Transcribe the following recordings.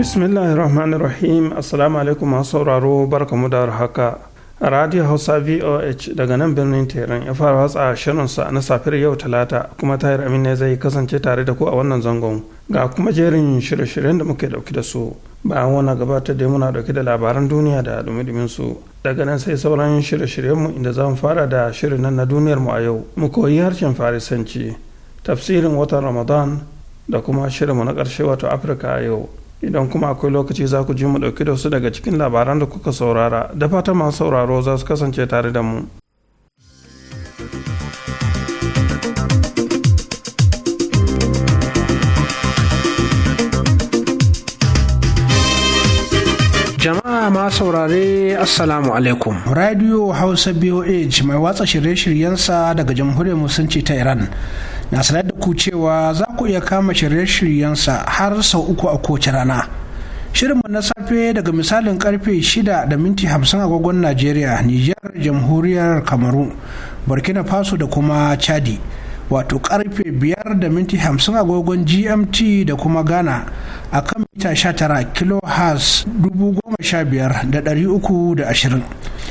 bismillahir rahmanir rahim assalamu alaikum masu sauraro barka mu da haka radio hausa voh daga nan birnin teran ya fara watsa shirinsa na safiyar yau talata kuma tahir amina zai kasance tare da ku a wannan zangon ga kuma jerin shirye-shiryen da muke dauki da su bayan wani gabatar da muna dauki da labaran duniya da dumi su daga nan sai sauran shirye-shiryenmu inda za mu fara da shirin nan na duniyar mu a yau mu koyi harshen farisanci tafsirin watan ramadan da kuma shirinmu na karshe wato afirka a yau idan kuma akwai lokaci za ku ji mu ɗauki da su daga cikin labaran da kuka saurara da fata masu sauraro za su kasance tare da mu. Jama'a ma saurare Assalamu alaikum. Radio Hausa BOH mai watsa shirye-shiryensa daga Jamhuriyar Musulunci ta Iran. na sanar da ku cewa za ku iya kama shirye-shiryensa har sau uku a kowace rana shirinmu na safe daga misalin karfe 6 da minti 50 agogon najeriya nijar jamhuriyar kamaru burkina faso da kuma chadi wato karfe 5 da minti 50 agogon gmt da kuma ghana a kan mita 19 kilohertz 15320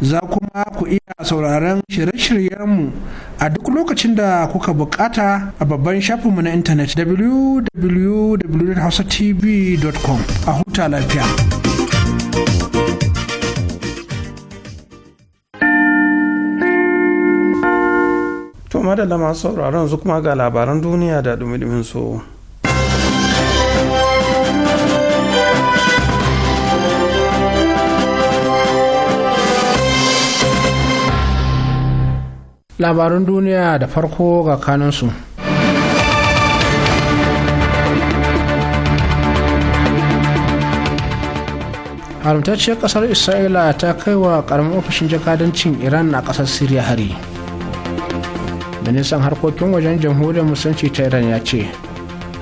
za kuma ku iya sauraron shirye-shiryenmu a duk lokacin da kuka bukata a babban shafinmu na intanet www.hausatv.com a huta lafiya. To madalla masu sauraron zukuma ga labaran duniya da dumi su. labarun duniya da farko ga kanunsu haramtacciyar kasar isra'ila ta kai wa karamin ofishin jakadancin iran a kasar siriya hari ministan harkokin wajen jamhuriyar musulunci ta iran ya ce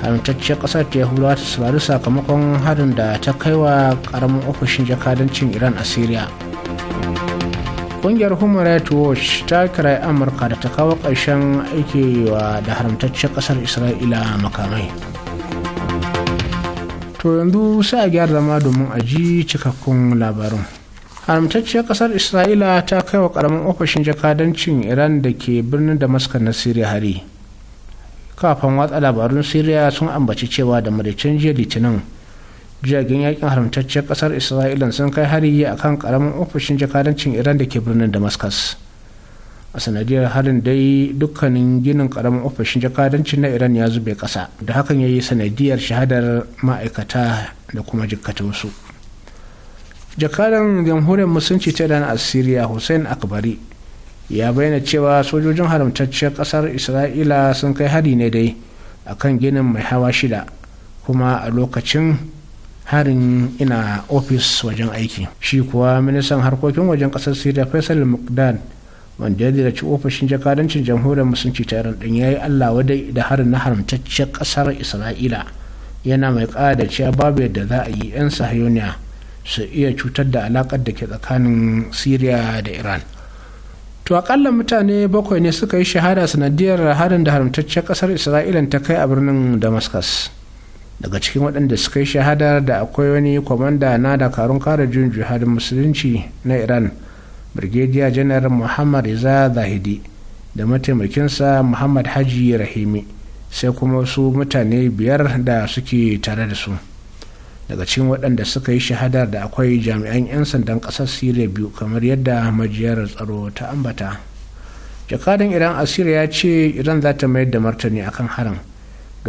haramtacciyar kasar ta yahudawa ta sabari sakamakon harin da ta kai wa karamin ofishin jakadancin iran a siriya kungiyar human rights watch ta kira amurka da ta kawo ƙarshen aiki wa da haramtaccen ƙasar isra'ila makamai to yanzu sai a gyara zama domin a ji cikakkun labarin haramtacciyar ƙasar isra'ila ta kai wa ƙaramin ofishin jakadancin iran da ke birnin damascus na siriya hari kafin watsa labarun siriya sun ambaci cewa da maraicen jiya litinin jiragen yakin haramtacciyar kasar isra'ila sun kai hari a kan karamin ofishin jakadancin iran da ke birnin damascus a sanadiyar harin dai dukkanin ginin karamin ofishin jakadancin na iran ya zube kasa da hakan ya yi sanadiyar shahadar ma'aikata da kuma wasu. jakadan jamhuriyar musulunci ta iran a syria hussein akbari ya bayyana cewa sojojin haramtacciyar kasar isra'ila sun kai hari ne dai akan ginin mai hawa shida kuma a lokacin harin ina ofis wajen aiki shi kuwa ministan harkokin wajen kasar syria faisal mukdan wanda ya ziyarci ofishin jakadancin jamhuriyar musulunci ta iran din yi allah wadai da harin na haramtacciyar kasar isra'ila yana mai da cewa babu yadda za a yi 'yan sahayoniya su iya cutar da alakar da ke tsakanin syria da iran to akalla mutane bakwai ne suka yi shahada sanadiyar harin da haramtacce kasar isra'ila ta kai a birnin damascus daga cikin waɗanda suka yi shahadar da akwai wani kwamanda na dakarun kare juyin jihadin musulunci na iran brigadier janar muhammad riza zahidi da mataimakinsa muhammad haji rahimi sai kuma su mutane biyar da suke tare da su daga cikin waɗanda suka yi shahadar da akwai jami'an 'yan sandan ƙasar siriya biyu kamar yadda majiyar tsaro ta ambata jakadan iran asiriya ya ce iran za ta mayar da martani akan harin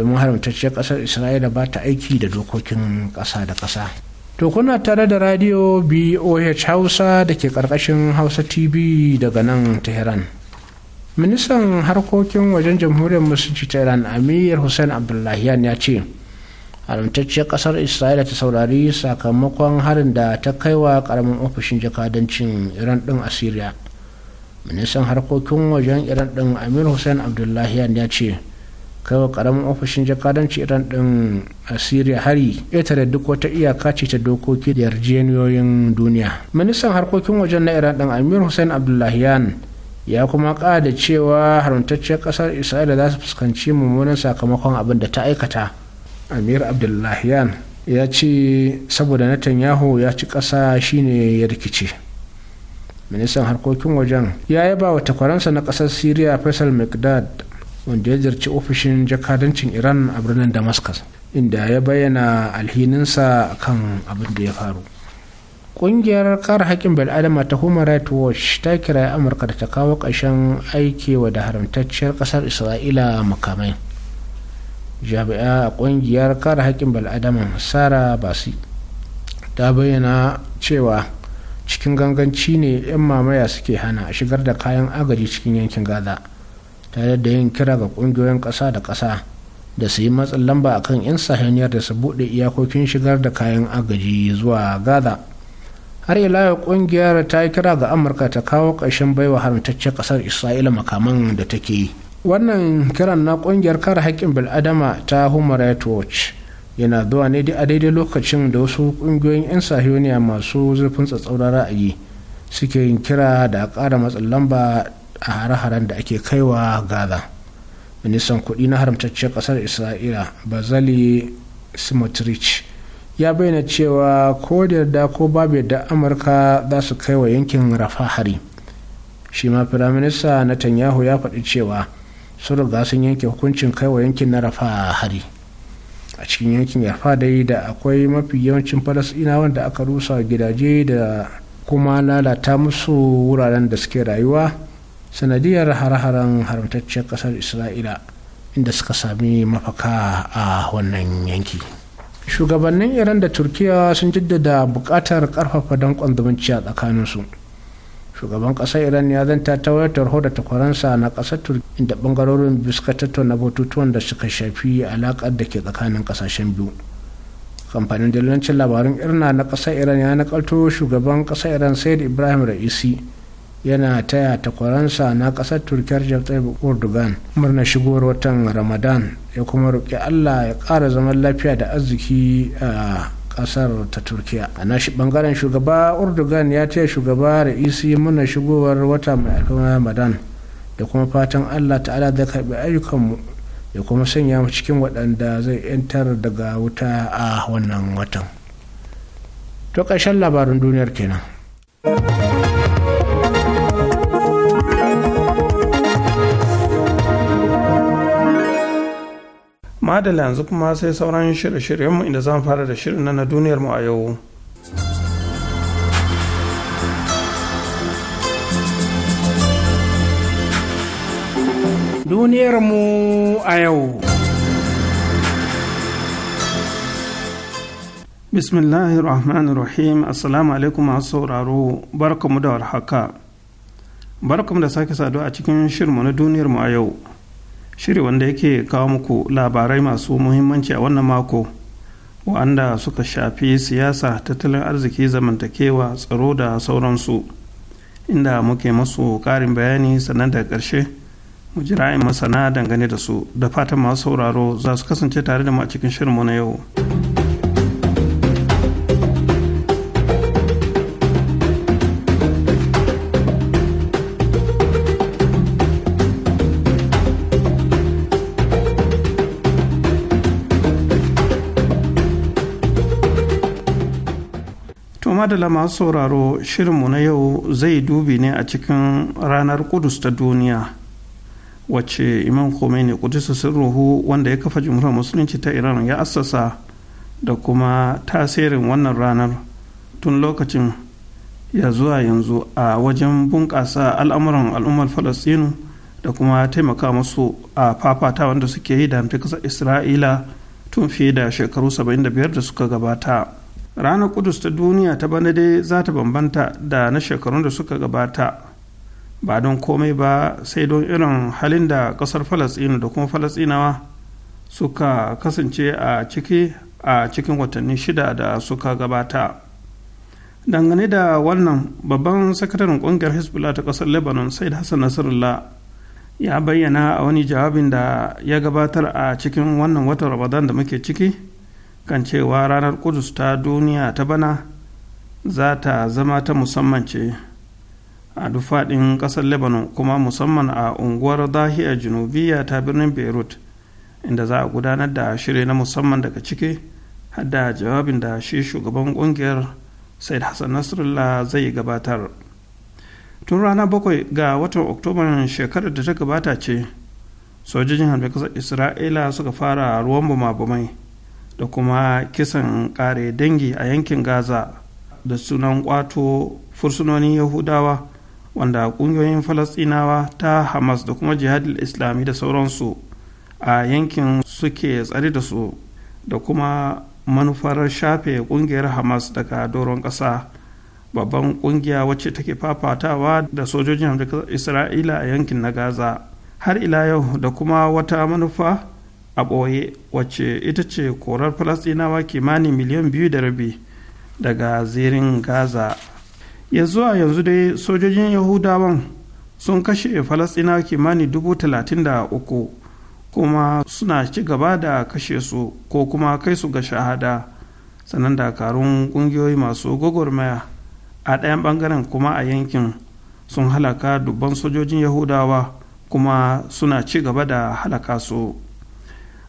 domin haramtacciyar ƙasar isra'ila ba ta aiki da dokokin ƙasa da ƙasa to kuna tare da radio boh hausa da ke ƙarƙashin hausa tv daga nan tehran ministan harkokin wajen jamhuriyar musulunci ta iran amir hussein abdullahian ya ce haramtacciyar ƙasar isra'ila ta saurari sakamakon harin da ta kai wa karamin ofishin jakadancin iran ɗin asiriya ministan harkokin wajen iran din amir hussein abdullahian ya ce kawo karamin ofishin jakadanci iran din asiriya hari ƙetare duk wata iyaka ce ta dokoki da yarjejeniyoyin duniya ministan harkokin wajen na iran din amir hussein abdullahiyan ya kuma da cewa haramtacciyar ƙasar isra'ila za su fuskanci mummunan sakamakon abin da ta aikata amir abdullahiyan ya ce saboda netanyahu ya ci kasa shine ya rikice ministan harkokin wajen ya yaba wa takwaransa na ƙasar syria faisal mcdad wanda ya ziyarci ofishin jakadancin iran a birnin damascus inda ya bayyana alhininsa kan abin da ya faru ƙungiyar kare haƙƙin bil'adama ta human rights watch ta kira amurka da ta kawo ƙarshen aikewa da haramtacciyar ƙasar isra'ila makamai jami'a a ƙungiyar kare haƙƙin bil'adama sara basi ta bayyana cewa cikin ganganci ne 'yan mamaya suke hana shigar da kayan agaji cikin yankin gaza tare da yin kira ga kungiyoyin ƙasa da ƙasa da su yi matsin lamba akan 'yan sahaniyar da su buɗe iyakokin shigar da kayan agaji zuwa gaza har ila yau kungiyar ta yi kira ga amurka ta kawo ƙarshen baiwa haramtaccen ƙasar isra'ila makaman da take yi wannan kiran na kungiyar kare haƙƙin bil'adama ta human rights watch yana zuwa ne a daidai lokacin da wasu kungiyoyin 'yan sahiyoniya masu zurfin tsatsauran ra'ayi suke yin kira da ƙara matsin lamba a hare-haren da ake kaiwa gaza ministan kudi na haramtacciyar kasar isra'ila bazali simotrich ya bayyana cewa ko da yarda ko babu yarda amurka za su kai wa yankin rafa hari shi ma firaminista netanyahu ya faɗi cewa sun riga sun yanke hukuncin kai wa yankin na rafa hari a cikin yankin yarfa dai da akwai mafi yawancin falasɗinawan da aka rusa gidaje da kuma lalata musu wuraren da suke rayuwa sanadiyar hare-haren haramtacciyar kasar isra'ila inda suka sami mafaka a wannan yanki shugabannin iran da turkiya sun jaddada buƙatar ƙarfafa danƙon zumunci a tsakaninsu shugaban ƙasar iran ya zanta ta wayar tarho da takwaransa na ƙasar turkiya inda bangarorin biyu suka tattauna batutuwan da suka shafi alakar da ke tsakanin ƙasashen biyu kamfanin dalilancin labarun irna na ƙasar iran ya nakalto shugaban ƙasar iran said ibrahim ra'isi yana taya takwaransa na ƙasar turkiyar jamtsai urdugan murnar shigowar watan ramadan ya kuma roƙi allah ya ƙara zaman lafiya da arziki a ƙasar ta turkiya a nashi ɓangaren shugaba urdugan ya taya shugaba da isi murnar shigowar wata mai alfahar ramadan da kuma fatan allah ta'ala da karɓi ayyukanmu ya kuma sanya mu cikin waɗanda zai 'yantar daga wuta a wannan watan to ƙarshen labarin duniyar kenan. da yanzu kuma sai sauran shirye-shiryenmu inda zan fara da shirin na duniyarmu a yau duniyarmu a yau bismillahir rahmanir rahim assalamu alaikum masu sauraro barkamu da warhaka barkamu da sake saduwa a cikin shirmu na duniyarmu a yau shiri wanda yake kawo muku labarai masu muhimmanci a wannan mako wa'anda suka shafi siyasa tattalin arziki zamantakewa tsaro da sauransu inda muke masu karin bayani sannan daga ƙarshe mu jira masana dangane da su da fatan masu sauraro za su kasance tare da mu a cikin shirinmu na yau. madala masu sauraro shirinmu na yau zai dubi ne a cikin ranar kudus ta duniya wacce imam khomeini sun ruhu wanda ya kafa jumhuriyar musulunci ta iran ya assasa da kuma tasirin wannan ranar tun lokacin ya zuwa yanzu a wajen bunƙasa al'amuran al'ummar falastinu da kuma taimaka musu a fafata wanda suke yi da isra'ila tun fiye da shekaru 75 da suka gabata. ranar kudus ta duniya ta bana dai za ta bambanta da na shekarun da suka gabata ba don komai ba sai don irin halin da kasar falasina da kuma falasɗinawa suka kasance a ciki a cikin watanni shida da suka gabata dangane da wannan babban sakataren kungiyar hezbollah ta kasar lebanon sai said hassan nasarullah ya bayyana a wani jawabin da ya gabatar a cikin wannan watan ramadan da muke ciki kan cewa ranar kudus ta duniya ta bana za ta zama ta musamman ce a duk faɗin ƙasar lebanon kuma musamman a unguwar zahiyar junubiya ta birnin beirut inda za a gudanar da shirye na musamman daga ciki hadda jawabin da shi shugaban ƙungiyar said hassan nasrullah zai gabatar tun rana bakwai ga watan oktoban shekarar da ta gabata ce sojojin harbe ƙasar isra'ila suka fara ruwan bama-bamai da kuma kisan kare dangi a yankin gaza da sunan kwato fursunonin yahudawa wanda kungiyoyin falasinawa ta hamas da kuma jihadil islami da sauransu a yankin suke tsari da su da kuma manufar shafe kungiyar hamas daga doron ƙasa babban kungiya wacce take fafatawa da sojojin isra'ila a yankin na gaza har ila yau da kuma wata manufa a ɓoye wacce ita ce korar falasɗinawa kimanin miliyan biyu da rabi daga zirin gaza yanzu a yanzu dai sojojin yahudawan sun kashe falasɗinawa kimanin dubu talatin da uku kuma suna ci gaba da kashe su ko kuma kai su ga shahada sannan dakarun ƙungiyoyi masu gwagwarmaya a ɗayan ɓangaren kuma a yankin sun halaka dubban sojojin yahudawa kuma suna ci gaba da halaka su.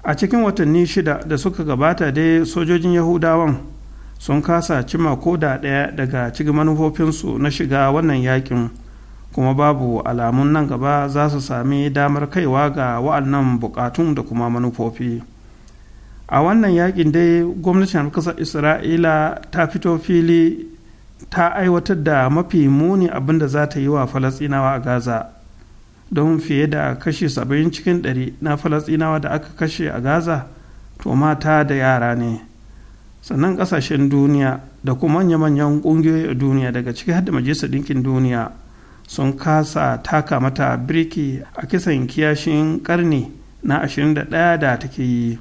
a cikin watanni shida da suka gabata dai sojojin yahudawan sun kasa cima ko da ɗaya daga cikin manufofinsu na shiga wannan yakin kuma babu alamun nan gaba za su sami damar kaiwa ga wa'annan bukatun da kuma manufofi a wannan yakin dai gwamnatin kasar isra'ila ta fito fili ta aiwatar da mafi muni abinda da za ta yi wa falasinawa a gaza don fiye da kashe saba'in cikin ɗari na falasɗinawa da aka kashe a gaza to mata da yara ne sannan ƙasashen duniya da kuma manya-manyan ƙungiyoyi a duniya daga ciki har da majalisar ɗinkin duniya sun kasa taka mata birki a kisan kiyashin karni na 21 da take yi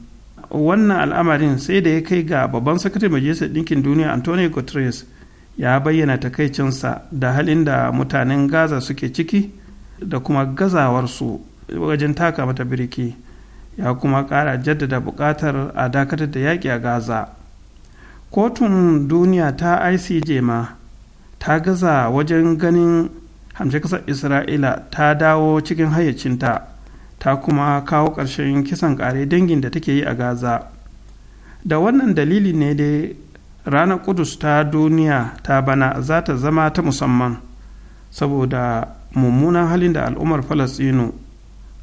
wannan al'amarin sai da ya kai ga babban sakataren majalisar ɗinkin duniya antonio guterres ya bayyana takaicinsa da halin da mutanen gaza suke ciki da kuma gazawarsu wajen taka mata birki ya kuma ƙara jaddada buƙatar a dakatar da yaƙi a gaza kotun duniya ta icj ma ta gaza wajen ganin hamshe kasar isra'ila ta dawo cikin hayyacinta ta kuma kawo ƙarshen kisan ƙare dangin da take yi a gaza da wannan dalili ne dai ranar kudus ta duniya ta bana za ta zama ta musamman saboda mummunan halin da al'ummar Falasɗinu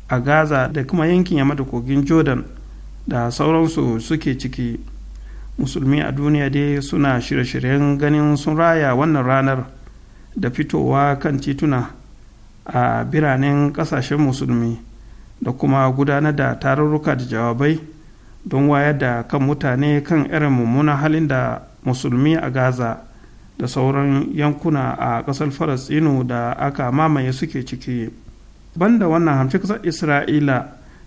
a gaza da kuma yankin yamma da kogin jordan da sauransu suke ciki musulmi a duniya dai suna shirye-shiryen ganin sun raya wannan ranar da fitowa kan tituna a biranen kasashen musulmi da kuma gudanar da tarurruka da jawabai don wayar da kan mutane kan irin mummunan halin da musulmi a gaza da sauran yankuna a ƙasar falastinu da aka mamaye suke ciki banda wannan hamshi ƙasar isra'ila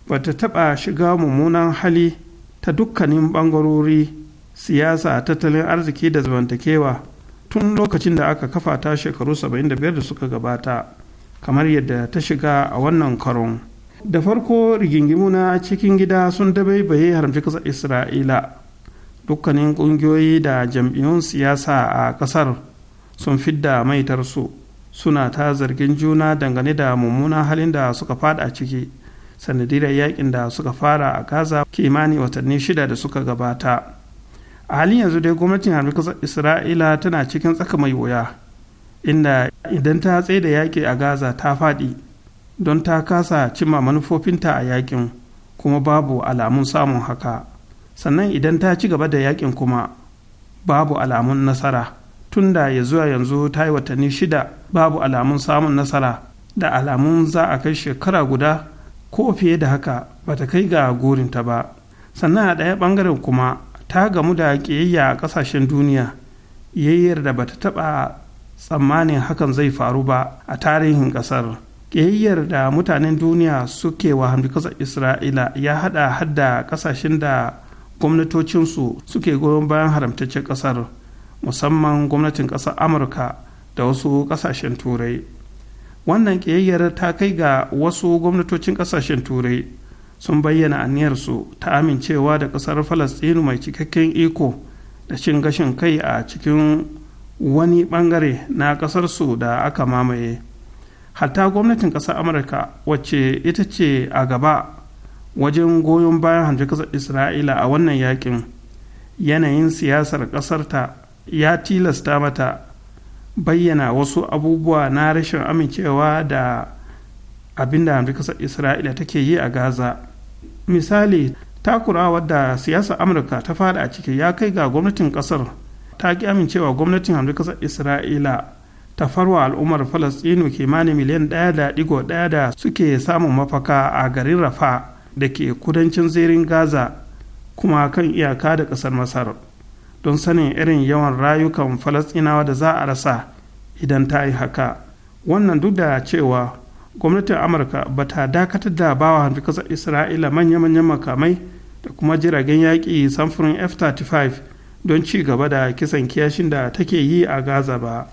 ba ta taɓa shiga mummunan hali ta dukkanin ɓangarori siyasa tattalin arziki da zamantakewa tun lokacin da aka kafa ta shekaru 75 da suka gabata kamar yadda ta shiga a wannan karon da farko rigingimu na cikin gida sun dabaibaye haramci ƙasar isra'ila dukkanin ƙungiyoyi da jam'iyyun siyasa a ƙasar sun fidda maitarsu suna ta zargin juna dangane da mummunan halin da suka fada ciki sanadiyar yakin da suka fara a gaza kimanin watanni shida da suka gabata a halin yanzu dai gwamnatin harbi isra'ila tana cikin tsaka mai wuya inda idan ta tsaye da yaƙi a gaza ta faɗi don ta kasa cimma manufofinta a yakin kuma babu alamun samun haka sannan idan ta ci gaba da yakin kuma babu alamun nasara tunda ya zuwa yanzu ta yi watanni shida babu alamun samun nasara da alamun za a kai shekara guda ko fiye da haka ba ta kai ga gurinta ba sannan a ɗaya ɓangaren kuma ta gamu da ƙiyayya a ƙasashen duniya yayyar da ba ta taɓa tsammanin hakan zai faru ba a tarihin ƙasar ƙiyayyar da mutanen duniya suke wa hamdu isra'ila ya haɗa hadda ƙasashen da gwamnatocinsu suke goyon bayan haramtaccen ƙasar musamman gwamnatin ƙasar amurka da wasu ƙasashen turai wannan ƙiyayyar ta kai ga wasu gwamnatocin ƙasashen turai sun bayyana aniyarsu ta amincewa da ƙasar falastinu mai cikakken iko da cin gashin kai a cikin wani ɓangare na ƙasarsu da aka mamaye hatta gwamnatin ƙasar amurka wacce ita ce a gaba wajen goyon bayan hamshe kasar isra'ila a wannan yakin yanayin siyasar ta ya tilasta mata bayyana wasu abubuwa na rashin amincewa da abin da hamshe kasar isra'ila take yi a gaza misali takura wadda siyasar amurka ta fada a ciki ya kai ga gwamnatin ƙasar ta ki amincewa gwamnatin hamshe kasar isra'ila ta farwa al'ummar falastinu kimanin miliyan ɗaya da ɗigo ɗaya da suke samun mafaka a garin rafa da ke kudancin zirin gaza kuma kan iyaka da ƙasar masar don sanin irin yawan rayukan falasɗinawa da za a rasa idan ta yi haka wannan duk da cewa gwamnatin amurka ba ta dakatar da bawa ƙasar isra'ila manya-manyan makamai da kuma jiragen yaƙi samfurin f-35 don ci gaba da kisan kiyashin da take yi a gaza ba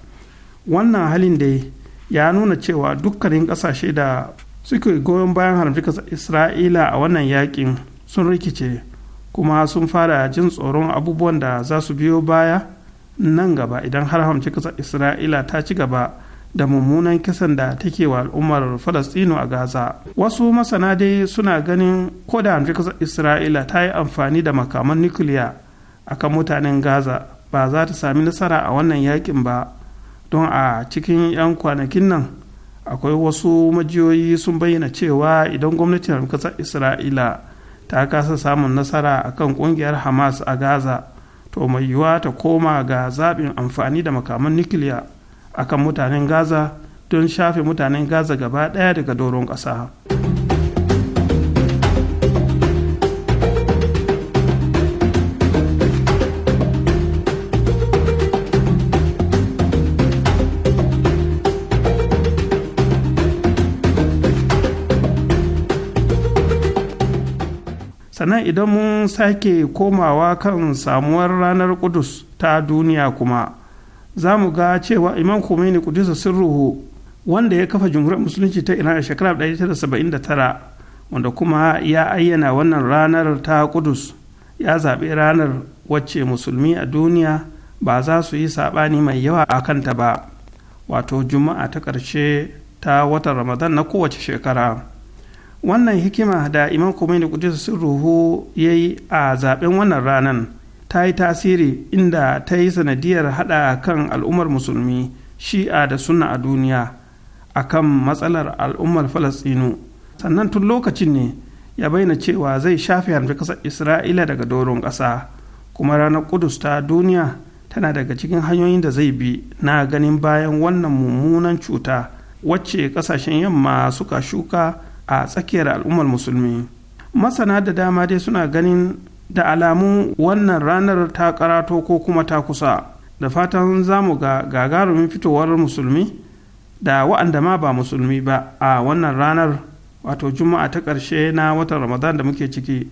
wannan halin dai ya nuna cewa dukkanin ƙasashe da suka goyon bayan haramcika isra'ila a wannan yakin sun rikice kuma sun fara jin tsoron abubuwan da za su biyo baya nan gaba idan har haramcika isra'ila ta ci gaba da mummunan kisan da take wa al'ummar falastino a gaza wasu masana dai suna ganin ko da haramcika isra'ila ta yi amfani da makaman nukiliya akan mutanen gaza ba za ta sami nasara a wannan yakin ba don a cikin 'yan kwanakin nan akwai wasu majiyoyi sun bayyana cewa idan gwamnatin ƙasar isra'ila ta kasa samun nasara a kan ƙungiyar hamas a gaza to mai yiwuwa ta koma ga zaɓin amfani da makaman nukiliya akan mutanen gaza don shafe mutanen gaza gaba ɗaya daga doron ƙasa. sannan idan mun sake komawa kan samuwar ranar kudus ta duniya kuma za mu ga cewa imam khomeini kudusa sirruhu wanda ya kafa jamhuriyar musulunci ta iran a shekarar 1979 wanda kuma ya ayyana wannan ranar ta kudus ya zaɓi ranar wacce musulmi a duniya ba za su yi saɓani mai yawa a kanta ba wato juma'a ta ƙarshe ta watan ramadan na kowace shekara wannan hikima da imam da kudus sun ruhu ya yi a zaben wannan ranan ta yi tasiri inda ta yi sanadiyar haɗa kan al'ummar musulmi shi'a da sunna a duniya a kan matsalar al'ummar falastinu sannan tun lokacin ne ya bayyana cewa zai shafe harfi ƙasar isra'ila daga doron ƙasa kuma ranar kudus ta duniya tana daga cikin hanyoyin da zai bi na ganin bayan wannan mummunan cuta wacce ƙasashen yamma suka shuka a tsakiyar al'ummar musulmi masana da dama dai suna ganin da alamu wannan ranar ta karato ko kuma ta kusa da fatan zamu ga gagarumin fitowar musulmi da wa'anda ma ba musulmi ba a wannan ranar wato juma'a ta ƙarshe na watan ramadan da muke ciki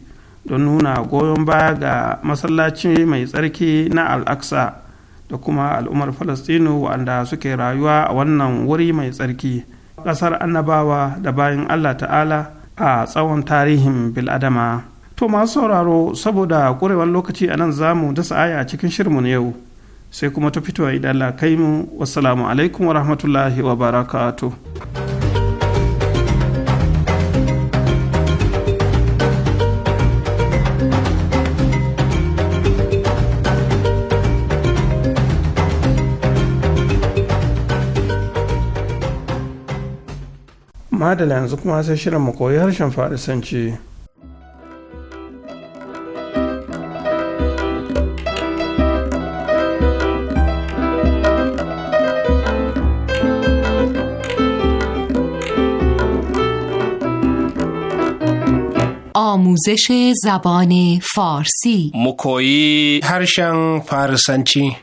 don nuna goyon baya ga masallaci mai tsarki na al'aksa da kuma al'ummar falastinu wa'anda suke rayuwa a wannan wuri mai tsarki ƙasar annabawa da bayan Allah ta'ala a tsawon tarihin bil'adama. To masu sauraro saboda ƙurewan lokaci a nan za mu dasa aya a cikin shirmu na yau sai kuma ta fitowa idan la kai mu wasu alaikum wa rahmatullahi wa barakatuh. madala yanzu kuma sai shirin mu koyi harshen farisanci آموزش زبان فارسی مکویی هرشن فارسنچی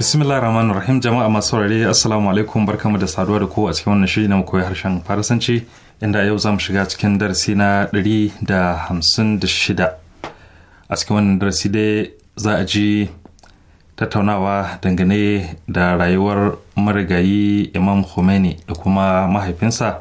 bismillah rahman rahim jama'a masu rari assalamu alaikum barkamu da saduwa da ku a cikin wannan shiri na koyi harshen farasanci inda yau za mu shiga cikin darasi na ɗari da hamsin da shida a cikin wannan darasi dai za a ji tattaunawa dangane da rayuwar marigayi imam khomeini da kuma mahaifinsa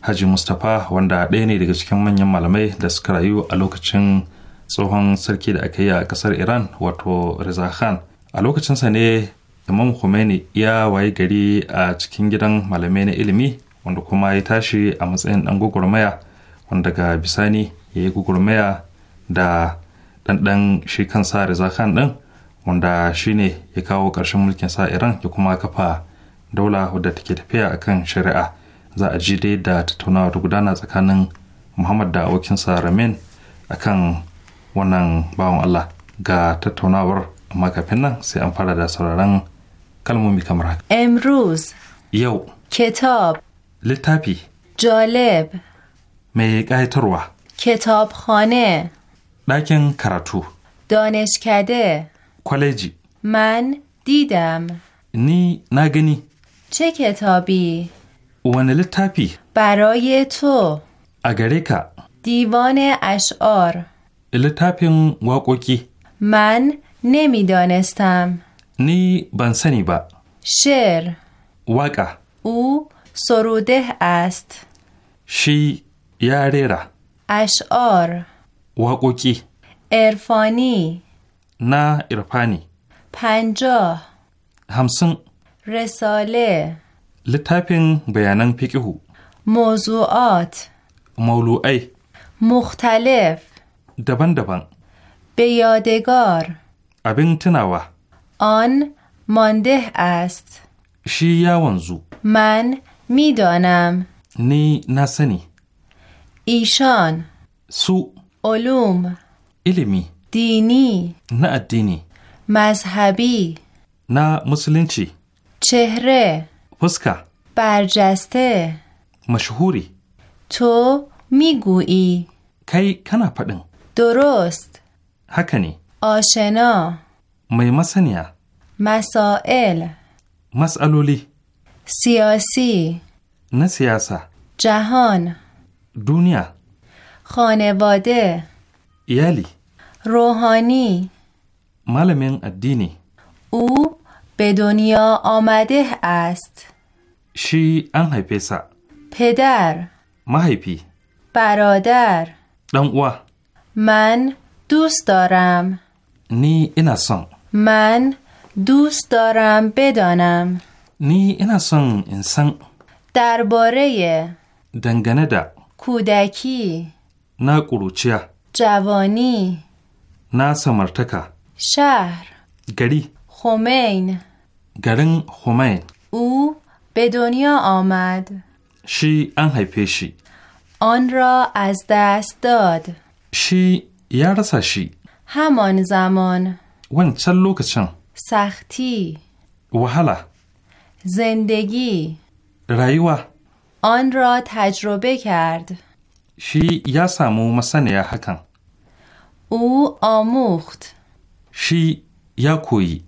haji mustapha wanda ɗaya ne daga cikin manyan malamai da suka rayu a lokacin tsohon sarki da aka yi a ƙasar iran wato reza khan a lokacinsa ne imam khomeini ya waye gari a cikin gidan malamai na ilimi wanda kuma ya tashi a matsayin ɗan gwagwarmaya wanda daga bisani ya yi gwagwarmaya da ɗanɗan shi kansa Reza Khan ɗin wanda shi ne ya kawo ƙarshen mulkin sa Iran ya kuma kafa daula wadda take tafiya a kan shari'a za a ji dai da tattaunawa ta gudana tsakanin Muhammad da abokinsa Ramin akan wannan bawan Allah ga tattaunawar اما سی ام کلمومی کمر امروز یو کتاب لطفی جالب می قایتروا کتابخانه دکن کراتو دانشکده کالجی من دیدم نی نگنی چه کتابی؟ وانه لطفی برای تو اگریکا دیوان اشعار لطفی واقعی من نمیدانستم نی بنسنی با شعر واقع او سروده است شی را اشعار واقوکی ارفانی نا ارفانی پنجاه همسن رساله لطفین بیانن پیکهو موضوعات مولوعی مختلف دبن دبن به یادگار abin tunawa. On Monday ast? Shi ya wanzu. Man midonam. Ne na sani. Ishan. Su. Olum. Ilimi. Dini. Na addini. Mazhabi. Na musulunci. Cehre. Fuska. Barjaste. Mashuhuri. To migui. Kai kana faɗin. Dorost. Haka ne. آشنا می مسائل مسئلولی سیاسی نه جهان دنیا خانواده یالی روحانی معلمین الدینی او به دنیا آمده است شی ان پیسا پدر مهیپی برادر دنوا من دوست دارم نی اینسان من دوست دارم بدانم نی انسان. انسان درباره دنگنه در کودکی نا قروچیا جوانی نا سمرتکا شهر گری خمین گرن خمین او به دنیا آمد شی ان پیشی آن را از دست داد شی یا شی همان زمان ونچن لوکچن سختی وهلا زندگی رایوا آن را تجربه کرد شی یا سامو مسن حکن او آموخت شی یا کوی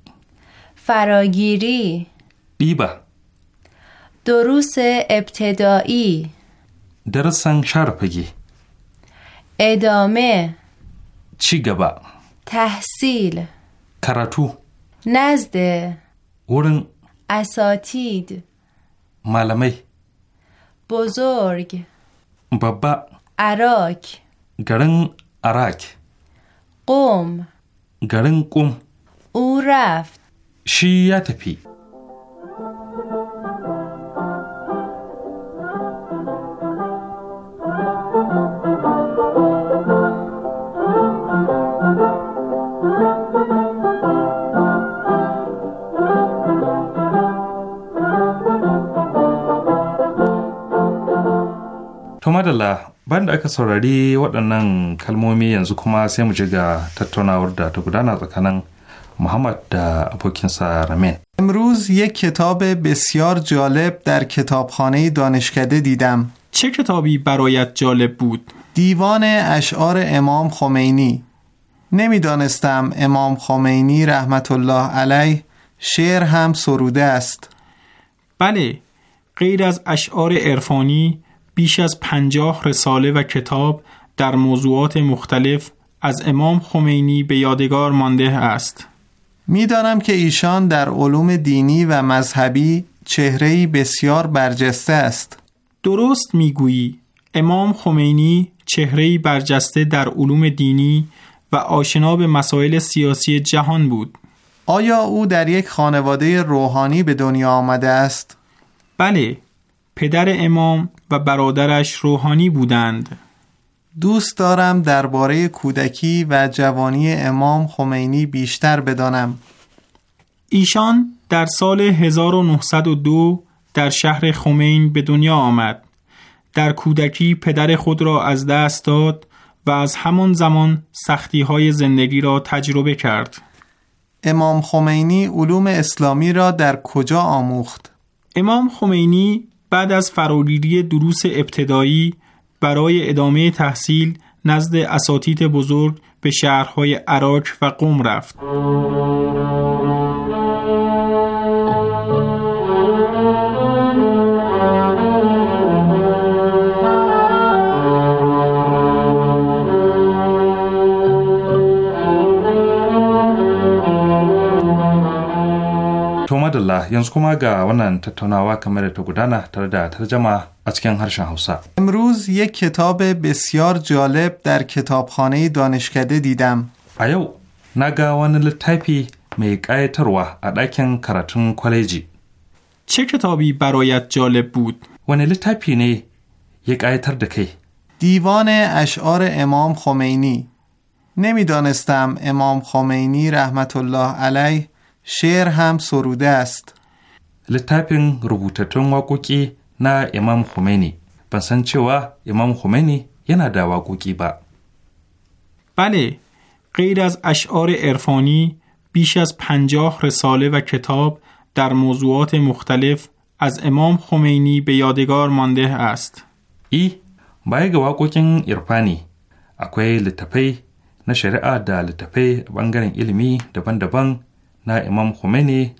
فراگیری بیبا. دروس ابتدایی درسن شرپگی ادامه ci gaba. Tahsil. Karatu. Nazde. Wurin. Asatid. Malamai. Bozorg. Babba. Arok! Garin Arak. Ƙum. Garin ƙum. Uraf. Shi ya tafi. Adala bayan da aka saurari waɗannan kalmomi yanzu kuma sai mu ji ga tattaunawar da ta gudana tsakanin محمد ابوکینسا Ramin. امروز یک کتاب بسیار جالب در کتابخانه دانشکده دیدم چه کتابی برایت جالب بود؟ دیوان اشعار امام خمینی نمیدانستم امام خمینی رحمت الله علیه شعر هم سروده است بله غیر از اشعار عرفانی بیش از پنجاه رساله و کتاب در موضوعات مختلف از امام خمینی به یادگار مانده است. میدانم که ایشان در علوم دینی و مذهبی چهرهی بسیار برجسته است. درست میگویی امام خمینی چهرهی برجسته در علوم دینی و آشنا به مسائل سیاسی جهان بود. آیا او در یک خانواده روحانی به دنیا آمده است؟ بله، پدر امام و برادرش روحانی بودند دوست دارم درباره کودکی و جوانی امام خمینی بیشتر بدانم ایشان در سال 1902 در شهر خمین به دنیا آمد در کودکی پدر خود را از دست داد و از همان زمان سختی های زندگی را تجربه کرد امام خمینی علوم اسلامی را در کجا آموخت؟ امام خمینی بعد از فراگیری دروس ابتدایی برای ادامه تحصیل نزد اساتید بزرگ به شهرهای عراق و قوم رفت. madalla yanzu kuma ga wannan tattaunawa kamar da ta gudana tare da tarjama a cikin harshen Hausa. امروز yake kitab بسیار jalib dar کتابخانه danishkade didam. A yau na ga wani littafi mai ƙayatarwa a ɗakin karatun kwaleji. Ce kitabi barayat jalib bud. wani littafi ne ya ƙayatar da kai? دیوان اشعار امام خمینی نمیدانستم امام خمینی رحمت الله علیه شعر هم سروده است لطفین روبوتتون واقوکی نه امام خمینی چه چوا امام خمینی یه نده واقوکی با بله غیر از اشعار ارفانی بیش از پنجاه رساله و کتاب در موضوعات مختلف از امام خمینی به یادگار مانده است ای باید واقوکین ارفانی اکوی لطفی نشریعه در لطفی بانگرین علمی دبان دبان نه امام خمینی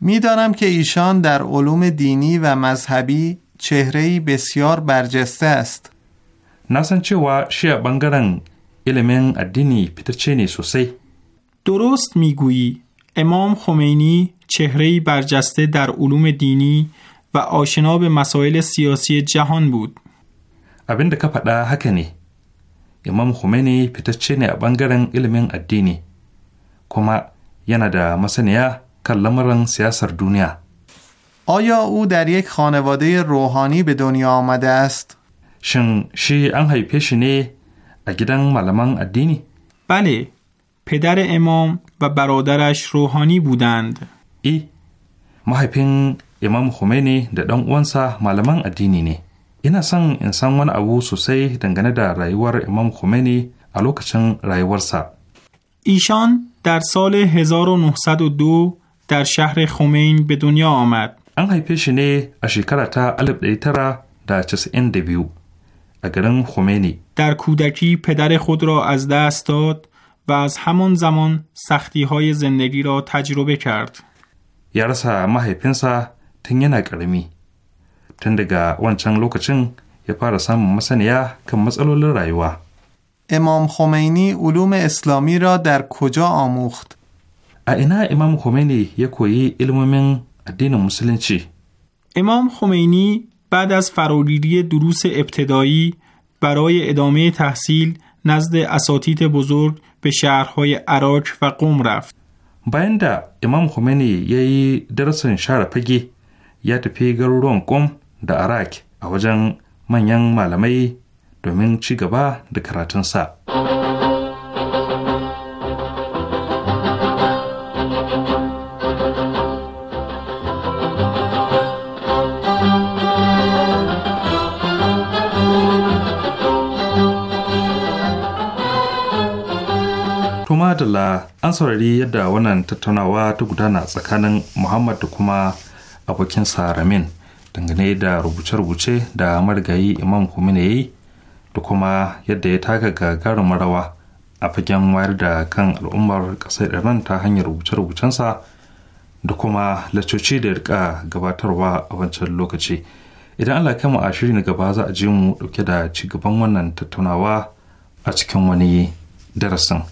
میدانم که ایشان در علوم دینی و مذهبی چهره بسیار برجسته است. ناسن چه و شیع بنگرن علمین ادینی پیترچینی سوسی. درست میگویی امام خمینی چهره برجسته در علوم دینی و آشنا به مسائل سیاسی جهان بود. ابین da ka حکنی. امام خمینی پیترچینی بنگرن علمین ادینی kuma yana da masaniya kan lamarin siyasar duniya. آیا او در یک خانواده روحانی به دنیا آمده است؟ شن شی ان های پیش نی اگیدن ملمان ادینی؟ بله، پدر امام و برادرش روحانی بودند ای، ما های پین امام خمینی در دان اونسا ملمان ادینی نی این سن انسان وان او سوسی دنگنه در رایوار امام خمینی الوکشن رایوار سه. ایشان در سال 1902 در شهر خمین به دنیا آمد. an haife تا علب a shekara ta 1992 a garin خمینی. در کودکی پدر خود را از دست داد و از همان زمان سختی های زندگی را تجربه کرد. یارسا ماه mahaifinsa tun yana ƙarami. Tun daga wancan lokacin ya fara samun masaniya امام خمینی علوم اسلامی را در کجا آموخت؟ اینا امام خمینی یکوی کوی من دین مسلم چی؟ امام خمینی بعد از فراگیری دروس ابتدایی برای ادامه تحصیل نزد اساتید بزرگ به شهرهای عراق و قوم رفت. bayan امام خمینی یه درس شهر یا یا fage ya قوم در عراق da من domin ci gaba da karatunsa. tumadala an saurari yadda wannan tattaunawa ta gudana tsakanin Muhammad da kuma abokinsa Ramin dangane da rubuce-rubuce da marigayi Imam Khomeini ya yi da kuma yadda ya taka gagarin marawa a fagen wayar da kan al'ummar ƙasar iran ta hanyar rubuce-rubucensa da kuma lacoci da rika gabatarwa a wancan lokaci idan allah mu a shiri gaba za a je mu dauke da ci gaban wannan tattaunawa a cikin wani darasin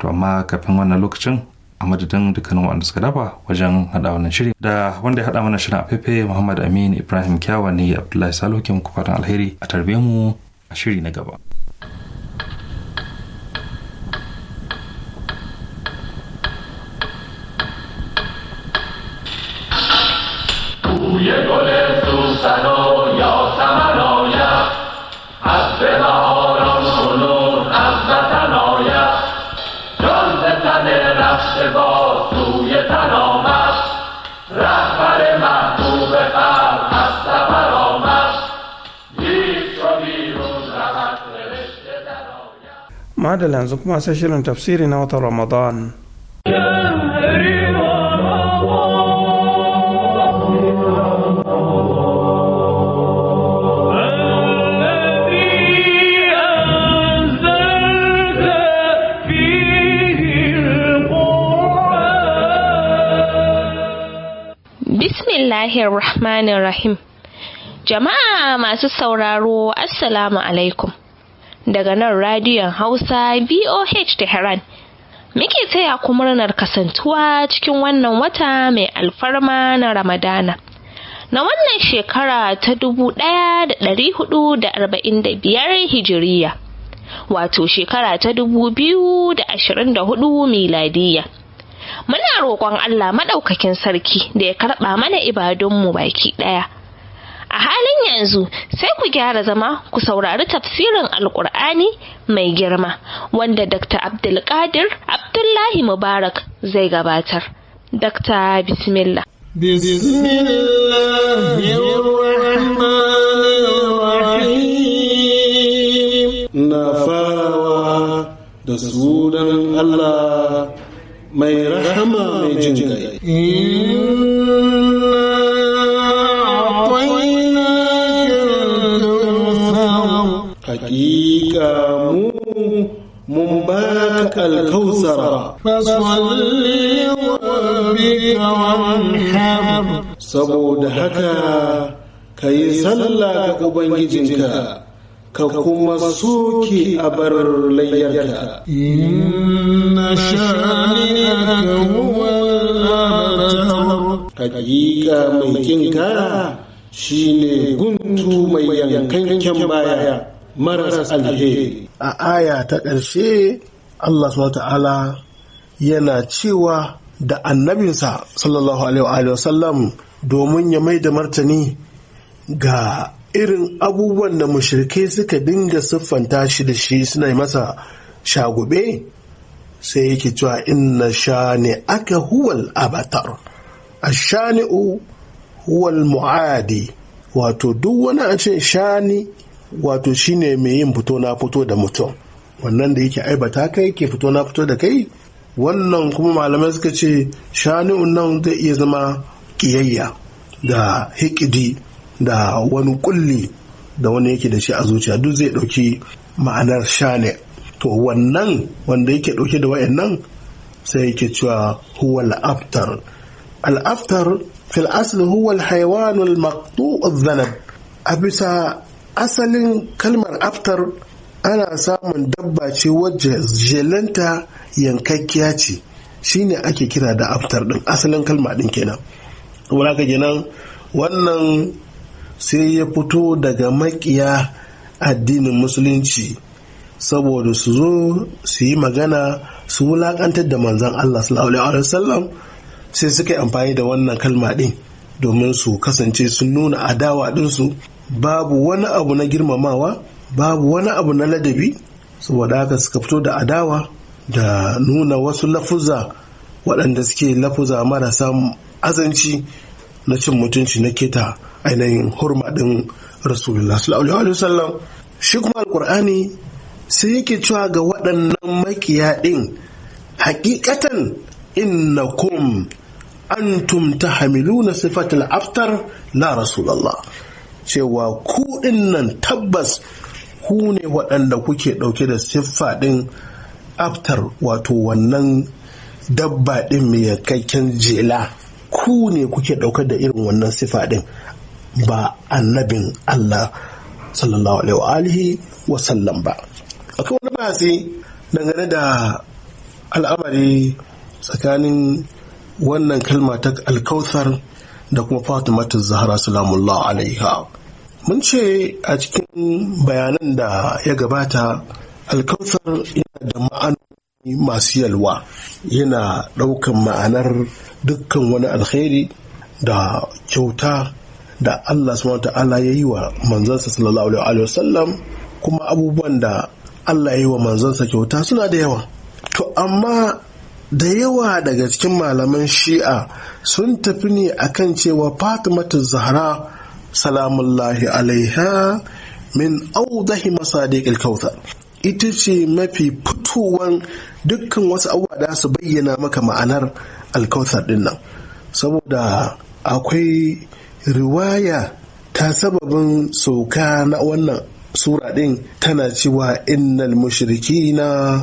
to amma kafin wannan lokacin a madadin dukkanin waɗanda suka dafa wajen hada wannan shirin. da wanda ya hada mana shirin a fefe muhammad amin ibrahim kyawa ne abdullahi salo ke muku fatan alheri a tarbe mu shooting the gobbler. Oh, madalla yanzu kuma sai shirin tafsiri na watan ramadan Bismillahir Rahmanir Rahim. Jama'a masu sauraro, Assalamu alaikum. daga nan radiyon Hausa VOH Tehran. Muke taya ku murnar kasantuwa cikin wannan wata mai alfarma na Ramadana. Na wannan shekara ta dubu ɗaya da ɗari da da arba'in da biyar Hijiriya, wato shekara ta dubu biyu da ashirin da hudu miladiyya. Muna roƙon Allah maɗaukakin sarki da ya karɓa mana ibadunmu baki ɗaya. a halin yanzu sai ku gyara zama ku saurari tafsirin alkur'ani mai girma wanda dr abdulkadir abdullahi mubarak zai gabatar dr bismillah بسم Na الرحمن sunan نفاوى دسودا أعطاك الكوثر فصل لربك وانحر سبود هكا كي سلا أبنجنك ka kuma soke a bar layyarka. Inna Hakika mai kinkara shi ne guntu mai yankanken baya maras alheri. A aya ta ƙarshe Allah subhanahu ta'ala yana cewa da annabinsa sallallahu alaihi wasallam domin ya mai da martani ga irin abubuwan da mushrikai suka dinga siffanta shi da shi suna yi masa shagube sai yake cewa inna shani aka huwal abatar ashani'u huwal mu'adi wato duk wani a ce shani wato shine mai yin fito na fito da mutum wannan da yake aibata kai ke fito na fito da kai wannan kuma malamai suka ce shani'un nan zai iya zama ƙiyayya da hikidi da wani kulli da wani yake da shi a zuciya duk zai ɗauki ma'anar shane to wannan wanda yake ɗauke da wayannan sai yake cewa huwa al'aftar al'aftar fil asli huwa al-hayawan al a bisa asalin kalmar aftar ana samun dabba ce wacce jelanta yankakkiya ce shi ne ake kira da aftar din asalin kalma din kenan saboda kenan wannan sai ya fito daga makiya addinin musulunci saboda su zo su yi magana su wulaƙantar da manzan Allah sallallahu alaihi wasallam sai suka yi amfani da wannan kalma din domin su kasance sun nuna adawa ɗinsu babu wani abu na girmamawa babu wani abu na ladabi saboda haka suka fito da adawa da nuna wasu lafuza waɗanda suke lafuza marasa azanci na cin mutunci na keta ainihin hurma ɗin rasulullah sallallahu alaihi wasallam shi kuma alkur'ani sai yake cewa ga waɗannan makiya ɗin hakikatan innakum antum na sifatul aftar na rasulullah cewa ku nan tabbas ku ne waɗanda kuke ɗauke da siffa ɗin aftar wato wannan dabba ɗin mai yankakken jela ku ne kuke ɗaukar da irin wannan siffa ɗin ba annabin Allah sallallahu alaihi wa sallam ba akwai wani bahasi dangane da al'amari tsakanin wannan kalma ta alkautar da kuma fatimatu zahra alaihi alaiha mun ce a cikin bayanan da ya gabata alkautar yana da ma'anoni masu yalwa yana ɗaukan ma'anar dukkan wani alkhairi da kyauta da Allah subhanahu ta'ala ya yi wa manzansa sallallahu alaihi wasallam kuma abubuwan da Allah ya yi wa manzansa kyauta suna da yawa to amma da yawa daga cikin malaman shi'a sun tafi ne akan cewa fatimatu zahra salamullahi alaiha min audahi masadiq al ita ce mafi fitowan dukkan wasu abubuwa da su bayyana maka ma'anar alkautsar din nan saboda akwai riwaya ta sababin sauka na wannan sura din tana cewa innal mushrikina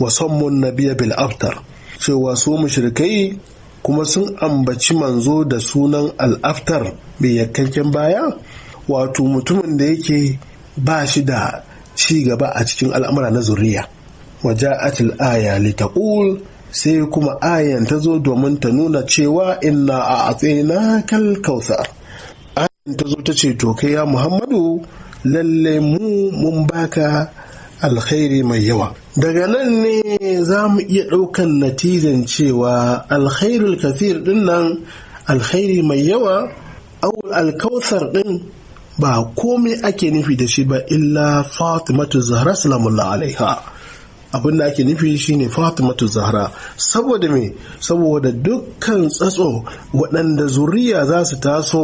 wa sammun nabiya bil aftar cewa su mushrikai kuma sun ambaci manzo da sunan al'aftar mai yankakken baya wato mutumin da yake ba shi da ci gaba a cikin al'amura na zuriya atil aya litaqul sai kuma ayan ta zo domin ta nuna cewa inna a atsena kal kautsar ayan ta zo ta ce to kai ya muhammadu lalle mu mun baka alkhairi mai yawa daga nan ne za mu iya ɗaukan natijan cewa alkhairul kafir ɗin nan alkhairi mai yawa awul alkautsar ɗin ba komai ake nufi da shi ba illa fatimatu zahra salamullah alaiha abin da ake nufi shi shine fatimatu zahra saboda me saboda dukkan tsatso waɗanda zuriya za su taso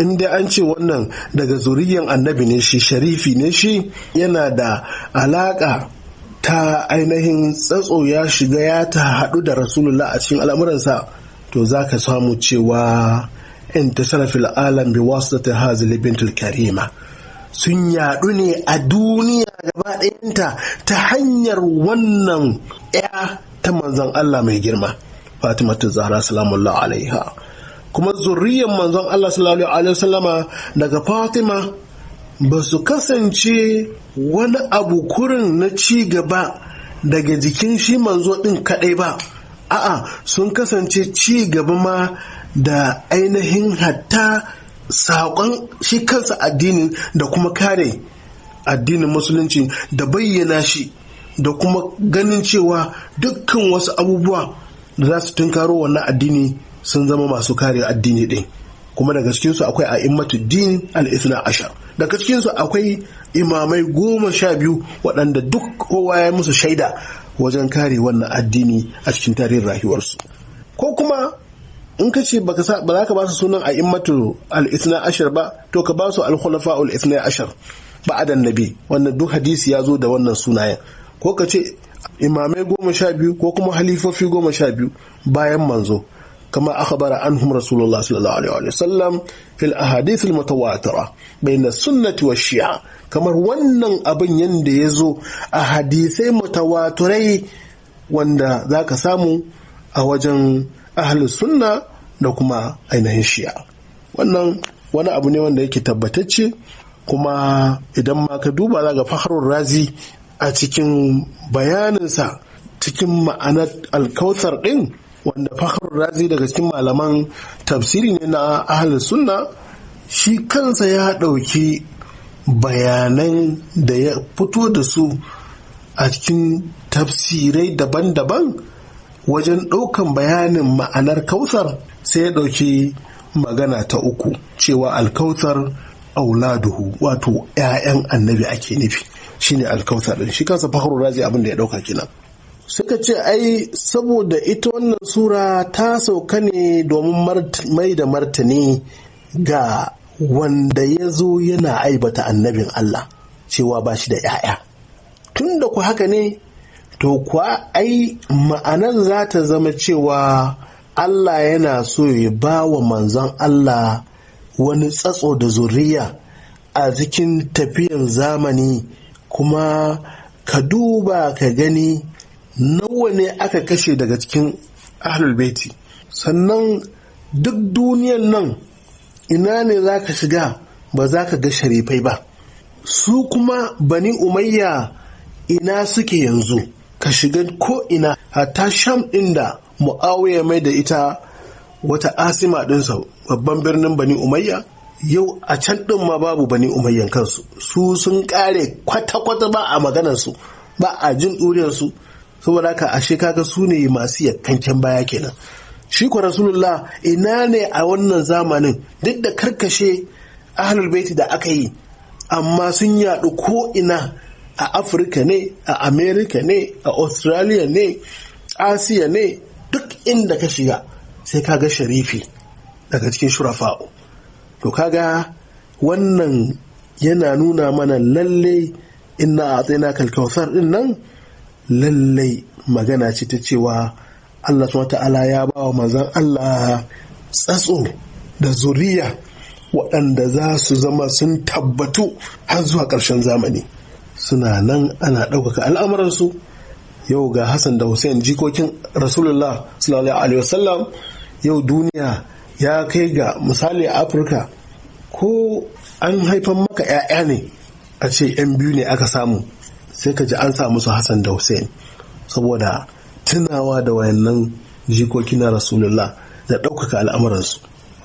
in dai an ce wannan daga zuriyan annabi ne shi sharifi ne shi yana da alaƙa ta ainihin tsatso ya shiga ya ta haɗu da rasulullah a cikin al'amuransa to za ka samu cewa in ta sarrafi al'alam bi wasu ta hazi karima sun yaɗu ne a duniya gaba ɗayanta ta hanyar wannan ya ta manzan Allah mai girma Fatima ta Zahra salamullah alaiha kuma zuriyar manzan Allah sallallahu alaihi wasallama daga Fatima ba su kasance wani abu kurin na ci gaba daga jikin shi manzo ɗin kaɗai ba a'a sun kasance ci gaba ma da ainihin hatta saƙon shi kansa addinin da kuma kare addinin musulunci da bayyana shi da kuma ganin cewa dukkan wasu abubuwa da za su tunkaro wannan addini sun zama masu kare addini ɗin kuma daga su akwai a'immatu din al-ithna ashar daga su akwai imamai goma sha biyu waɗanda duk kowa ya musu shaida wajen kare wannan addini a cikin tarihin rayuwarsu ko kuma in ka ce ba za ka ba su sunan a'immatu al-ithna ashar ba to ka ba su al-khulafa al-ithna ashar ba'adan nabi wannan duk hadisi ya zo da wannan sunayen ko ka ce imamai goma sha biyu ko kuma halifofi goma sha biyu bayan manzo كما أخبر عنهم رسول الله صلى الله عليه وسلم في الأحاديث المتواترة Kamar wannan والشيعة كما ya zo ينديزو أحاديث متواتري wanda za ka samu a wajen ahalus sunna da kuma ainihin shi'a wannan wani abu ne wanda yake ce kuma idan ma ka duba za ga faharun razi a cikin bayanin sa cikin ma'anar alkautar ɗin wanda Ibn razi daga cikin malaman tafsiri ne na ahalin sunna shi kansa ya ɗauki bayanan da ya fito da su a cikin tafsirai daban-daban wajen ɗaukan bayanin ma'anar kautsar sai ya ɗauki magana ta uku cewa alkautsar auladuhu wato 'ya'yan annabi ake nufi shine alkautsar shi kansa fahru razi abin da ya ɗauka kenan suka ce ai saboda ita wannan sura ta sauka ne domin mai da martani ga wanda ya zo yana aibata annabin Allah cewa ba shi da ‘ya'ya. Tun da ku haka ne, to kuwa ai ma'anar za ta zama cewa Allah yana so ya ba wa manzon Allah wani tsatso da zuriya a cikin tafiyar zamani kuma ka duba ka gani nawa ne aka kashe daga cikin ahlul baiti sannan duk duniyan nan ina ne za ka shiga ba za ka ga sharifai ba su kuma bani umayya ina suke yanzu ka shiga ko ina hatta sham inda mu'awiya mai da ita wata asima ɗinsa babban birnin bani umayya yau a can ɗin ma babu bani umayyan kansu su sun ƙare kwata-kwata ba a maganarsu ba a jin ɗuriyarsu saboda haka ashe kaga su ne masu yakkanken baya kenan shi ko rasulullah ina ne a wannan zamanin duk da karkashe ahlul baiti da aka yi amma sun yaɗu ko ina a afirka ne a america ne a australia ne asiya ne duk inda ka shiga sai kaga sharifi daga cikin shurafa'u to kaga wannan yana nuna mana lalle ina a tsina kalkautar din nan lallai magana ce ta cewa Allah subhanahu ta'ala ya ba wa manzan Allah tsatso da zuriya waɗanda za su zama sun tabbatu har zuwa ƙarshen zamani suna nan ana ɗaukaka al'amuransu yau ga Hassan da Hussein jikokin Rasulullah sallallahu alaihi wasallam yau duniya ya kai ga misali a Afirka ko an haifan maka 'ya'ya ne a ce 'yan biyu ne aka samu sai ka ji an sa musu Hassan da Hussein saboda tunawa da wayannan jikoki na Rasulullah da ɗaukaka al'amuransu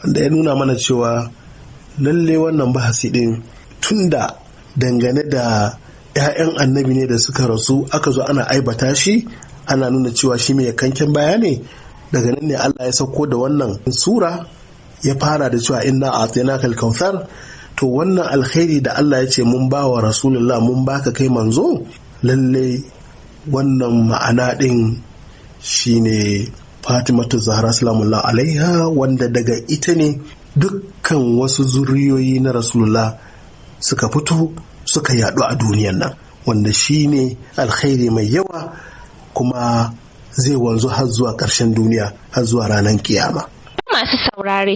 wanda ya nuna mana cewa lalle wannan bahasi ɗin tun da dangane da 'ya'yan annabi ne da suka rasu aka zo ana aibata shi ana nuna cewa shi mai kanken baya ne daga nan ne Allah ya sauko da wannan sura ya fara da cewa inna a kal kautsar to wannan alkhairi da Allah ya ce mun ba wa rasulullah mun baka kai manzo lalle wannan ma'ana ɗin shine fatimatu zahra salamullah alaiha wanda daga ita ne dukkan wasu zuriyoyi na rasulullah suka fito suka yaɗu a duniyan nan wanda shi ne alkhairi mai yawa kuma zai wanzu har zuwa ƙarshen duniya har zuwa ranar kiyama masu saurare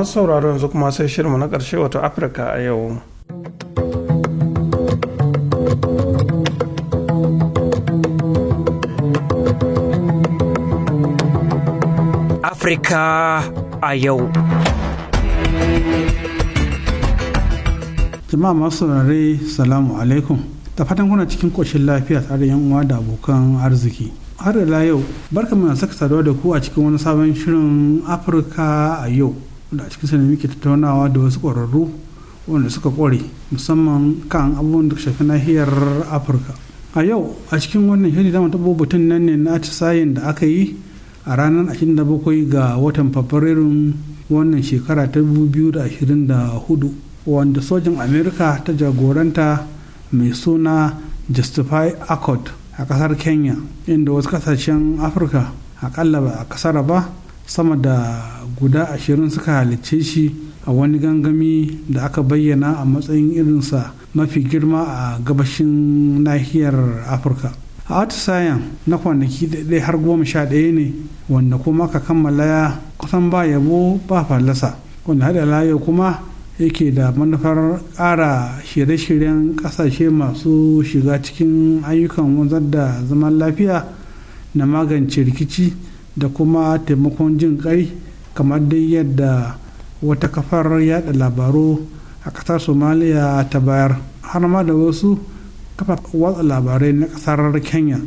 masu sauraro yanzu kuma sai shirinmu na ƙarshe wato afirka a yau afirka a yau jama'a masu saurare salamu alaikum da fatan kuna cikin ƙoshin lafiya tare yan uwa da abokan arziki har da yau barka mana saka saduwa da ku a cikin wani sabon shirin afirka a yau wanda a cikinsa ne muke tattaunawa da wasu ƙwararru wanda suka ƙware musamman kan abubuwan da shafi nahiyar afirka a yau a cikin wannan shiri zamu taɓa batun nan ne na atisayin da aka yi a ranar 27 ga watan fabrairun wannan shekara ta 2024 wanda sojin amerika ta jagoranta mai suna justify accord a kasar kenya inda wasu kasashen afirka akalla ba a kasar ba sama da guda ashirin suka halicce shi a wani gangami da aka bayyana a matsayin irinsa mafi girma a gabashin nahiyar afirka a atisayen na kwanaki ɗaya har goma sha ɗaya ne wanda kuma ka kammala ya kusan ba yabo ba fallasa wanda haɗa layo kuma yake da manufar ƙara shirye-shiryen ƙasashe masu shiga cikin ayyukan wanzar da zaman lafiya na magance rikici da kuma taimakon jin kai kamar dai yadda wata kafar yada labaru a kasar somaliya ta bayar har ma da wasu kafa watsa labarai na kasar kenya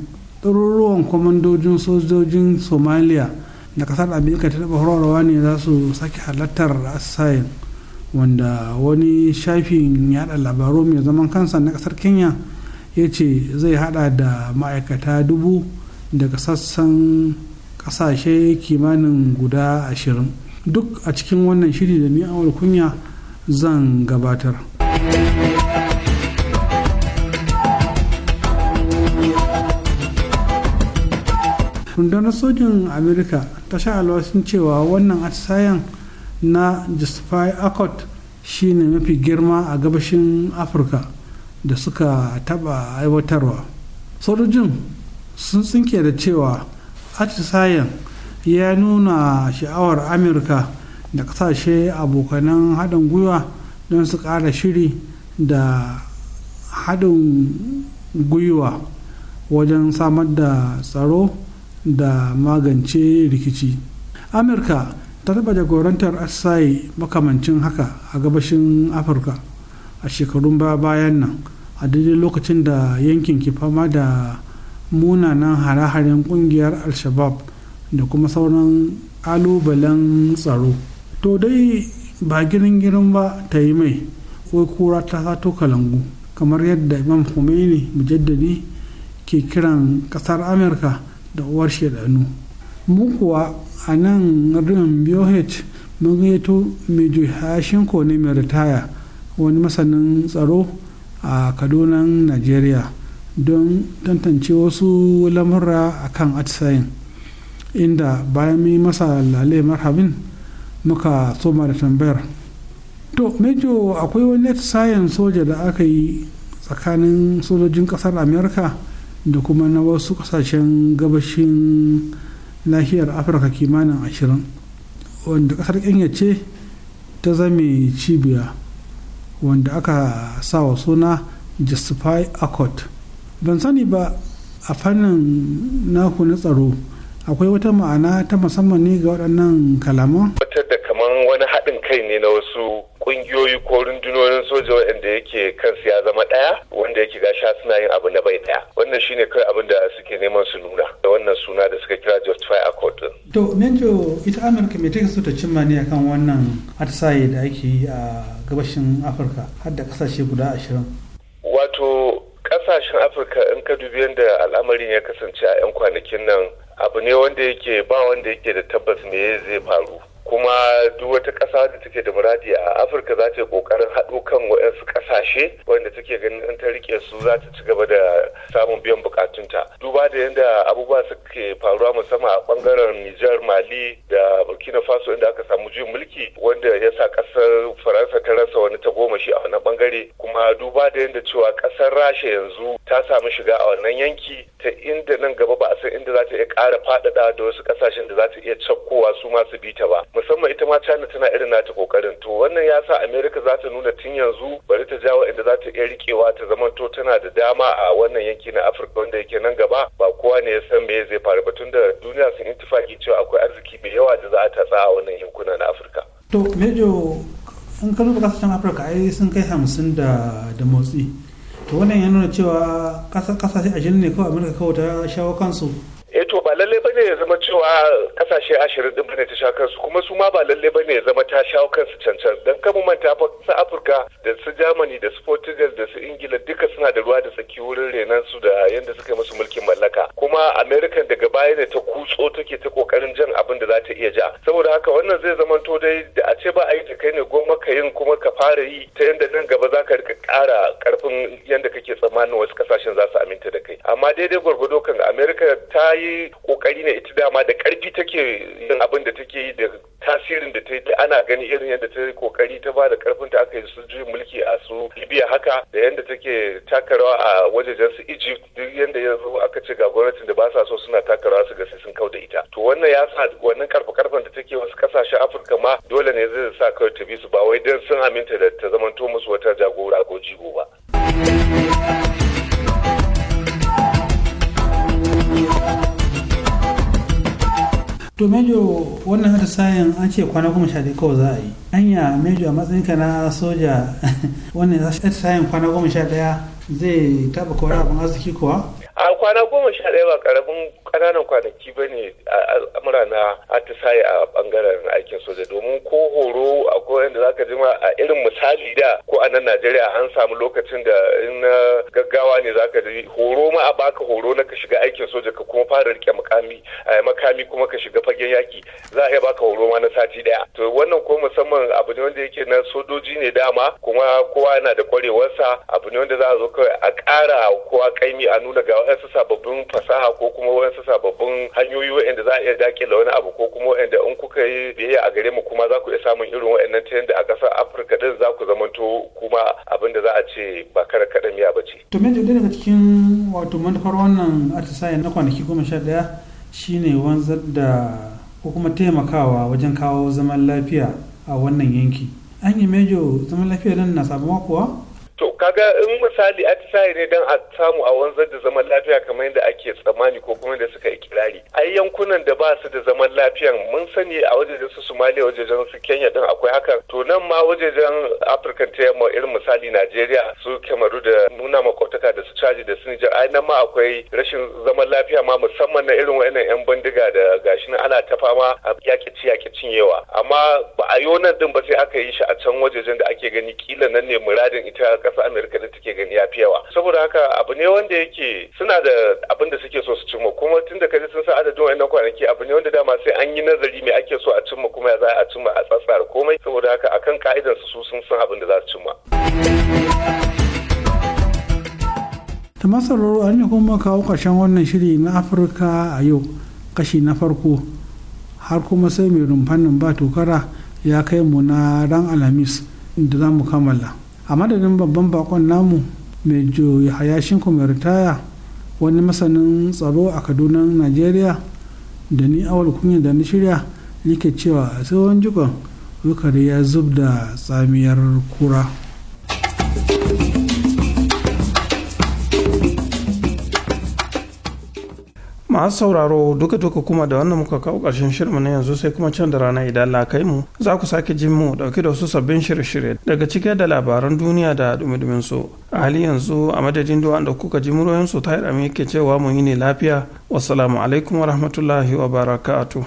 ɗaruruwan kwamandojin sojojin somaliya da kasar amerika ta taɓa horarwa ne za su sake halartar asayin wanda wani shafin yada labaru mai zaman kansa na kasar kenya ya ce zai hada da ma'aikata dubu daga sassan kasashe kimanin guda ashirin duk a cikin wannan shiri da ni awar kunya zan gabatar rundunar sojin amerika ta sha alwasin cewa wannan atisayen na justify accord shine mafi girma a gabashin afirka da suka taba aiwatarwa sojojin sun tsinke da cewa atisayen ya nuna sha'awar amurka da kasashe abokanan haɗin gwiwa don su ƙara shiri da haɗin gwiwa wajen samar da tsaro da magance rikici amurka ta taɓa jagorantar atisaye makamancin haka a gabashin afirka a shekarun bayan nan a daidai lokacin da yankin ke fama da munanan hare-haren kungiyar al-shabab da kuma sauran alubalen tsaro to dai ba girin girin ba ta yi mai ko kura ta sato kalangu kamar yadda imam khomeini mujaddadi ke kiran kasar amurka da uwar shaidanu mu kuwa a nan rin boh mun gaito mejo hashin ne mai ritaya wani masanin tsaro a kaduna najeriya don tantance wasu lamura a kan atisayin inda bayan mai masa lalai marhabin muka soma da tambayar to mejo akwai wani atisayen soja da aka yi tsakanin sojojin kasar amerika da kuma na wasu kasashen gabashin nahiyar afirka kimanin ashirin wanda kasar kenya ce ta zame cibiya wanda aka sawa suna justify accord ban sani ba a fannin naku na tsaro akwai wata ma'ana ta musamman ne ga waɗannan kalaman? Wata da kamar wani haɗin kai ne na wasu ƙungiyoyi ko rundunonin soja waɗanda yake kansu ya zama ɗaya wanda yake gasha suna yin abu na bai ɗaya. Wannan shine kai abin da suke neman su nuna da wannan suna da suka kira Justify Accord din. To, Menjo, ita Amurka mai take so ta cimma ne akan wannan atisaye da ake yi a gabashin Afirka har da kasashe guda ashirin. Wato, kasashen afirka in ka dubi yadda al'amarin ya kasance a 'yan kwanakin nan abu ne wanda yake ba wanda yake da tabbas me zai faru kuma duk wata ƙasa da take da muradi a afirka za ta yi ƙoƙarin haɗo kan waɗansu ƙasashe wanda take ganin an ta riƙe su za ta ci gaba da samun biyan buƙatunta duba da yadda abubuwa suke faruwa musamman a ɓangaren nijar mali da burkina faso inda aka samu juyin mulki wanda ya sa ƙasar faransa ta rasa wani ta goma shi a wannan ɓangare kuma duba da yadda cewa ƙasar rasha yanzu ta samu shiga a wannan yanki ta inda nan gaba ba a san inda za ta iya ƙara faɗaɗa da wasu ƙasashen da za ta iya cakkowa su masu bita ba musamman ita ma china tana irin nata kokarin to wannan ya sa america za ta nuna tun yanzu bari ta jawo inda za ta iya rikewa ta zamanto tana da dama a wannan yanki na afirka wanda yake nan gaba ba kowa ne ya san me zai faru ba tun da duniya sun intifaki cewa akwai arziki mai yawa da za a tatsa a wannan yankuna na afirka to mejo in ka duba kasashen afirka ai sun kai hamsin da da motsi to wannan ya nuna cewa kasashe ashirin ne kawai amurka kawai ta shawo kansu eh to ba lalle bane ya zama cewa kasashe ashirin din bane ta sha kansu kuma su ma ba lalle bane ya zama ta sha kansu cancan dan kamu manta fa su Afirka da su Germany da su Portugal da su Ingila duka suna da ruwa da tsaki wurin renan su da yanda suka musu mulkin mallaka kuma America daga baya ne ta kutso take ta kokarin jan abin da za ta iya ja saboda haka wannan zai zama to dai da a ce ba a yi ta kai ne goma ka yin kuma ka fara yi ta yanda nan gaba za ka rika kara karfin yanda kake tsammanin wasu kasashen za su aminta da kai amma daidai gwargwado kan America ta yi kokari ne ita dama da karfi take yin abin da take yi da tasirin da ta yi ana gani irin yadda ta yi kokari ta ba da karfin ta aka yi su juyin mulki a su libya haka da yadda take takarawa a wajejen su egypt duk yadda ya zo aka ce ga gwamnatin da ba sa so suna takarawa su ga sun sun kauda ita to wannan ya sa wannan karfe karfen da take wasu kasashen afirka ma dole ne zai sa kawai ta bi su ba wai don sun aminta da ta zamanto musu wata jagora ko jigo ba. to mejo wannan sayan an ce kwana goma sha ɗaya kawai za a yi anya mejo a matsayinka na soja wannan sayan kwana goma sha ɗaya zai taba kawai abin arziki kuwa a kwana goma sha ɗaya ba karamin kananan kwanaki ba ne a na atisaye a bangaren aikin soja domin ko horo akwai yadda za ka jima a irin misali da ko a nan najeriya an samu lokacin da in gaggawa ne za ka ji horo ma a baka horo na ka shiga aikin soja ka kuma fara rike makami eh, makami kuma ka shiga fagen yaki za a iya baka horo ma na sati daya to wannan ko musamman abu ne wanda yake na sojoji ne dama kuma kowa yana da kwarewarsa abu ne wanda za a zo kawai a kara kowa kaimi a nuna ga wasu sababbin fasaha ko kuma wasu sababbin hanyoyi waɗanda za a iya dakila wani abu ko kuma waɗanda in kuka yi biyayya a gare mu kuma za ku iya samun irin waɗannan ta yadda a ƙasar afirka din za ku zamanto kuma abin da za a ce ba kara kaɗan miya ba ce. to me daga cikin wato manufar wannan atisayen na kwanaki goma sha ɗaya shine wanzar da ko kuma taimakawa wajen kawo zaman lafiya a wannan yanki an yi mejo zaman lafiya nan na sabon kuwa to kaga in misali atisaye ne don a samu a wanzar da zaman lafiya kamar yadda ake tsammani ko kuma da suka yi kirari ai yankunan da ba su da zaman lafiya, mun sani a wajejen su somalia wajejen su kenya din akwai haka. to nan ma wajejen afirka ta yamma irin misali najeriya su kamaru da nuna makwataka da su caji da su nijar ai nan ma akwai rashin zaman lafiya ma musamman na irin wa'annan yan bandiga da gashi nan ana ta fama a yaƙi ci yaƙi cinyewa amma ba a yi wannan din ba sai aka yi shi a can wajejen da ake gani kila nan ne muradin ita kasa amerika da take gani ya fi yawa saboda haka abu ne wanda yake suna da abin da suke so su cimma kuma tun da kaji sun san adadin wa'annan kwanaki abu ne wanda dama sai an yi nazari me ake so a cimma kuma ya za a cimma a tsatsar komai saboda haka akan ka'idan su sun san abin da za su cimma. ta masarar an yi kuma kawo ƙarshen wannan shiri na afirka a yau kashi na farko har kuma sai mai rumfanin ba tokara ya kai mu na ran alhamis da za mu kammala a madadin babban bakon namu mai joyi hayashin kuma ritaya wani masanin tsaro a kaduna nigeria da ni awal kunya da na shirya yake cewa a tsawon jikon wukari ya zub da tsamiyar kura. masu sauraro duka duka kuma da wannan muka kawo ƙarshen shirmu na yanzu sai kuma can da rana idan lakai mu za ku sake jin mu dauke da wasu sabbin shirye-shirye daga cike da labaran duniya da dumi su a hali yanzu a madadin duwa da kuka ji muryoyin su ta yi ke cewa mu yi ne lafiya wassalamu alaikum wa rahmatullahi wa barakatu.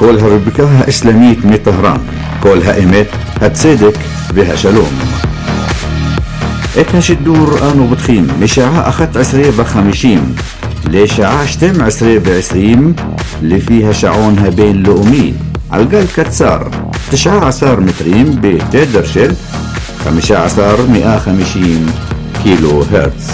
كلها ببكاها إسلامية من طهران كلها إيمت هتصدق بها شلوم اتنش الدور آنو بتخيم مشاعة أخت عسرية بخمشيم لشاعة شتم عسرية بعسريم اللي فيها شعونها بين لؤمي عالقال كتسار تشعة عسار متريم بتدرشل خمشة عسار مئة خمشين كيلو هرتز